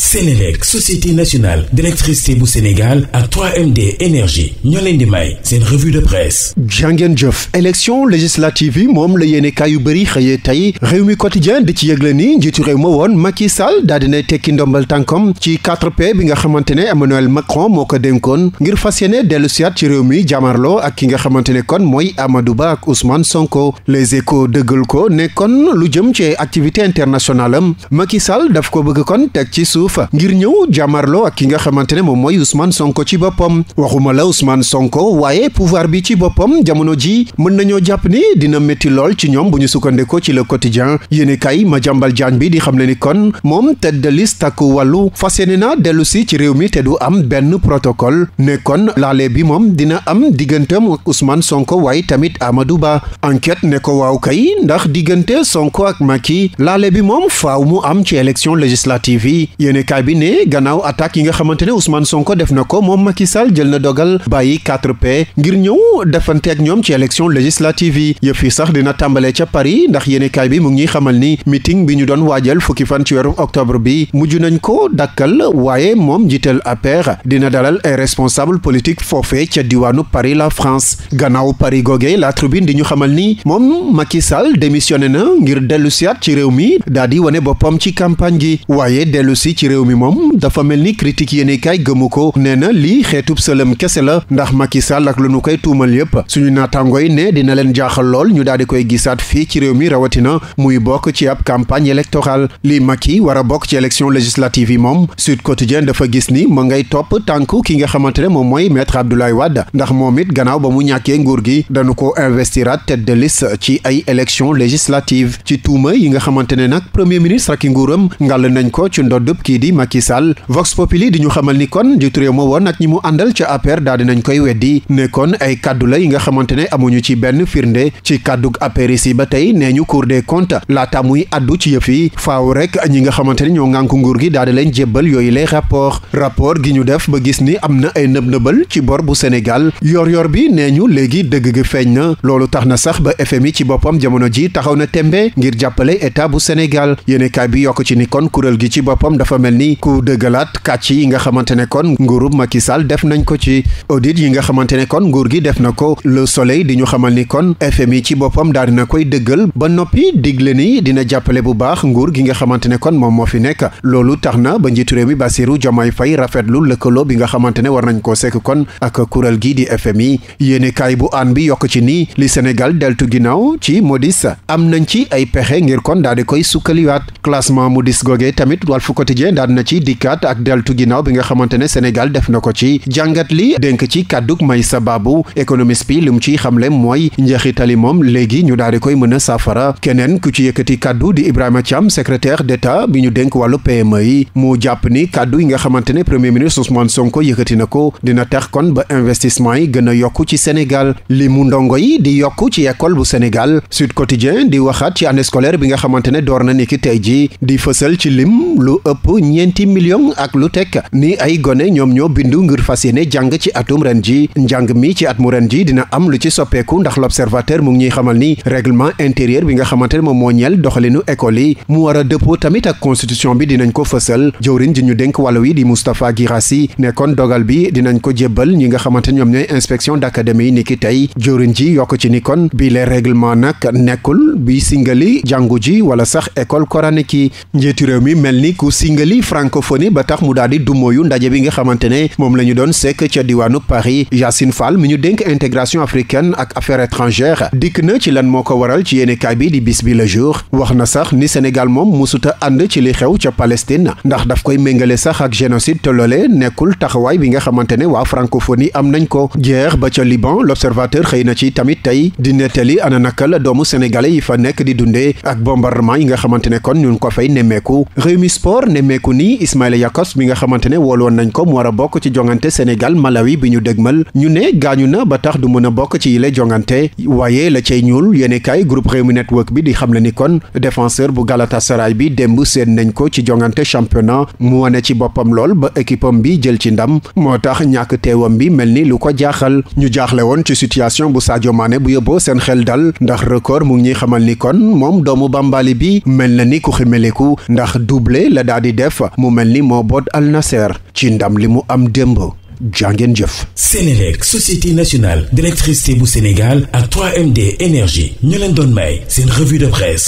Sénélec société nationale d'électricité bu Sénégal ak 3MD énergie ñoo leen di may seen revue de presse jàngeen jëf élection législative yi moom la yéene kaay yu bëri xëyee tey réew mi quotidien di ci yëgle ni njiitu réew ma woon Macky Sall daal dina tekki ndombal tànkam ci 4P bi nga xamante ne Emmanuel Macron moo ko dénkoon ngir fas yéene dellu siyaat ci réew mi jaamarloo ak ki nga xamante ne kon mooy Amadou Ba ak Ousmane Sonko les échos dëggal ko ne kon lu jëm ci activité internationale am Macky Sall Diouf ngir ñëw jàmmarloo ak ki nga xamante ne moom mooy Ousmane Sonko ci boppam waxuma la Ousmane Sonko waaye pouvoir bi ci boppam jamono ji mën nañoo jàpp ni dina métti lool ci ñoom bu ñu sukkandekoo ci le quotidien yéen kay ma jàmbal jaan bi di xam le ni kon moom tête de liste takku wàllu fas yéene na dellu ci réew mi te du am benn protokol ne kon laale bi moom dina am digganteem ak Ousmane Sonko waaye tamit amadu Ba enquête ne ko waaw kay ndax diggante Sonko ak Macky laale bi moom faaw mu am ci élection législative yéenekaay bi ne gannaaw attaque yi nga xamante ne Ousmane Sonko def na ko moom Macky Sall jël na dogal bàyyi 4P ngir ñëw defante ak ñoom ci élection législative yi yëf yi sax dina tàmbalee ca Paris ndax yéenekaay bi mu ngi ñuy xamal ni meeting bi ñu doon waajal fukki fan ci weeru octobre bi mujju nañ ko dakkal waaye moom jiital APR dina dalal ay responsable politique foofee ca diwaanu Paris la France gannaaw Paris googee la tribune di ñu xamal ni moom Macky Sall démissionné na ngir dellu siat ci réew mi ci réew mi moom dafa mel ni critique yéeni kay gëmu ko nee na lii xeetub sëlëm kese la ndax Macky Sall ak lu nu koy tuumal yépp suñu naataango yi ne dina leen jaaxal lool ñu daal di koy gisaat fii ci réew mi rawatina muy bokk ci ab campagne électorale lii Macky war a bokk ci élection législative yi moom Sud Quotidien dafa gis ni ma ngay topp tànk ki nga xamante ne moom mooy maître Abdoulaye Wade ndax moom it gannaaw ba mu ñàkkee nguur gi dañu ko investiraat tête ci ay élection législative ci tuuma yi nga xamante ne nag premier ministre ak nguuram ngàll nañ ko ci ndoddub kii di Macky Sall Vox Populi di ñu xamal ni kon njiitu réew ma woon ak ñi mu àndal ca APR daal dinañ koy weddi ne kon ay kàddu la yi nga xamante ne amuñu ci benn firnde ci kàddug APR yi ba tey nee ñu Cour de comptes laata muy addu ci yëf yi faaw rek ñi nga xamante ne ñoo ngànk nguur gi daal di leen jébbal yooyu lay rapport rapport gi ñu def ba gis ni am na ay nëb-nëbal ci bor bu senegal yoor yor bi nee ñu léegi dëgg gi feeñ na loolu tax na sax ba FMI ci boppam jamono ji taxaw na tembe ngir jàppale état bu Sénégal yéene kaay bi dafa mel ni ku dëggalaat kàcc yi nga xamante ne kon nguurub Macky Sall def nañ ko ci audit yi nga xamante ne kon nguur gi def na ko Le Soleil di ñu xamal ni kon FMI ci boppam daal na koy dëggal ba noppi digle ni dina jàppale bu baax nguur gi nga xamante ne kon moom moo fi nekk loolu tax na ba njiitu réew mi Bassirou Diomaye Faye rafetlu lëkkaloo bi nga xamante ne war nañ koo sekk kon ak kuréel gi di FMI yéene kaay bu aan bi yokk ci nii li Sénégal deltu ginnaaw ci Moody's am nañ ci ay pexe ngir kon daal di koy sukkaliwaat classement Moody's googee tamit Walf Quotidien Cissé daan na ci dikkaat ak deltu ginnaaw bi nga xamante ne Sénégal def na ko ci jàngat li dénk ci kàdduk may sababu économiste bi li mu ciy xamle mooy njeexitali moom léegi ñu daal di koy mën a saafara keneen ku ci yëkkati kàddu di Ibrahima Thiam secrétaire d'État bi ñu dénk wàllu PME yi mu jàpp ni kàddu yi nga xamante ne premier ministre Ousmane Sonko yëkkati na ko dina tax kon ba investissement yi gën a yokk ci Sénégal li mu ndongo yi di yokk ci école bu Sénégal Sud Quotidien di waxaat ci année scolaire bi nga xamante ne door na niki tey ji di fësal ci lim lu ëpp tollu ñeenti million ak lu teg ni ay gone ñoom ñoo bindu ngir fas yéene jàng ci atum ren ji njàng mi ci at mu ren ji dina am lu ci soppeeku ndax l'observateur mu ngi ñuy xamal ni règlement intérieur bi nga xamante ne moom moo ñeel doxalinu école yi mu war a dëppoo tamit ak constitution bi dinañ ko fësal jëwriñ ji ñu dénk wàllu wi di Moustapha Guirassi ne kon dogal bi dinañ ko jébbal ñi nga xamante ñoom ñooy inspection d'académie yi ni ki tey jëwriñ ji yokk ci ni kon bi singali jàngu ji wala sax école coranique yi njiitu réew mi mel fàttali francophonie ba tax mu daal di dumóoyu ndaje bi nga xamante ne moom la ñu doon sekk ca diwaanu Paris Yacine Fall mi ñu dénk intégration africaine ak affaires étrangères dikk na ci lan moo ko waral ci yéenekaay bi di bis bi la jour wax na sax ni Sénégal moom musuta ànd ci li xew ca Palestine ndax daf koy méngale sax ak génocide te loole nekkul taxawaay bi nga xamante ne waa francophonie am nañ ko jeex ba ca Liban l'observateur xëy na ci tamit tey di nettali ana naka la doomu sénégalais yi fa nekk di dundee ak bombardement yi nga xamante ne kon ñun ko fay nemmeeku nemmeeku ni Ismaila Yakobs mi nga xamante ne wooloon nañ ko mu war a bokk ci jongante Sénégal Malawi bi ñu dëgmal ñu ne gaañu na ba tax du mën a bokk ci yile jongante waaye la cay ñuul yéene kaay groupe Rewmi Network bi di xam la ni kon défenseur bu Galatasaray bi démb seen nañ ko ci jongante championnat mu wane ci boppam lool ba équipe bi jël ci ndam moo tax ñàkk teewam bi mel ni lu ko jaaxal ñu jaaxle woon ci situation bu Sadio Mané bu yóbboo seen xel dal ndax record mu ngi ñuy xamal ni kon moom Pastef mu mel ni moo boot Al Nasser ci ndam li mu am démb jàngeen jëf Sénélec société nationale d'électricité bu Sénégal ak 3MD énergie ñu leen doon may seen revue de presse